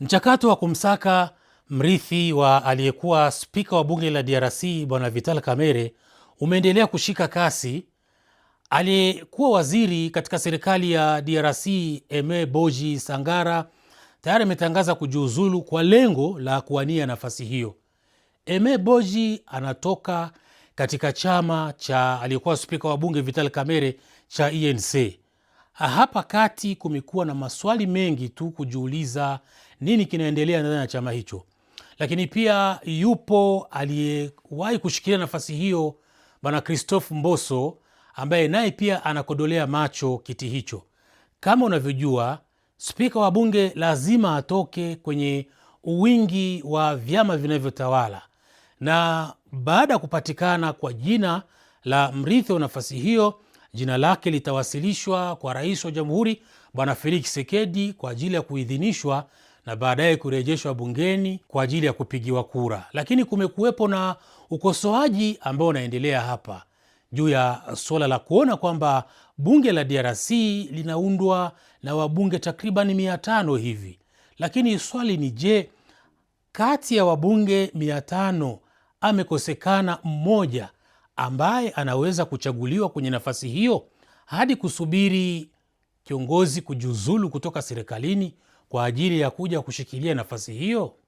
Mchakato wa kumsaka mrithi wa aliyekuwa spika wa bunge la DRC bwana Vital Kamerhe umeendelea kushika kasi. Aliyekuwa waziri katika serikali ya DRC Eme Boji Sangara tayari ametangaza kujiuzulu kwa lengo la kuwania nafasi hiyo. Eme Boji anatoka katika chama cha aliyekuwa spika wa bunge Vital Kamerhe cha ENC. Hapa kati kumekuwa na maswali mengi tu kujiuliza nini kinaendelea ndani ya chama hicho, lakini pia yupo aliyewahi kushikilia nafasi hiyo Bwana Christophe Mboso ambaye naye pia anakodolea macho kiti hicho. Kama unavyojua, spika wa bunge lazima atoke kwenye uwingi wa vyama vinavyotawala, na baada ya kupatikana kwa jina la mrithi wa nafasi hiyo jina lake litawasilishwa kwa rais wa jamhuri Bwana Felix Tshisekedi kwa ajili ya kuidhinishwa na baadaye kurejeshwa bungeni kwa ajili ya kupigiwa kura. Lakini kumekuwepo na ukosoaji ambao unaendelea hapa juu ya suala la kuona kwamba bunge la DRC linaundwa na wabunge takriban mia tano hivi, lakini swali ni je, kati ya wabunge mia tano amekosekana mmoja ambaye anaweza kuchaguliwa kwenye nafasi hiyo hadi kusubiri kiongozi kujiuzulu kutoka serikalini kwa ajili ya kuja kushikilia nafasi hiyo?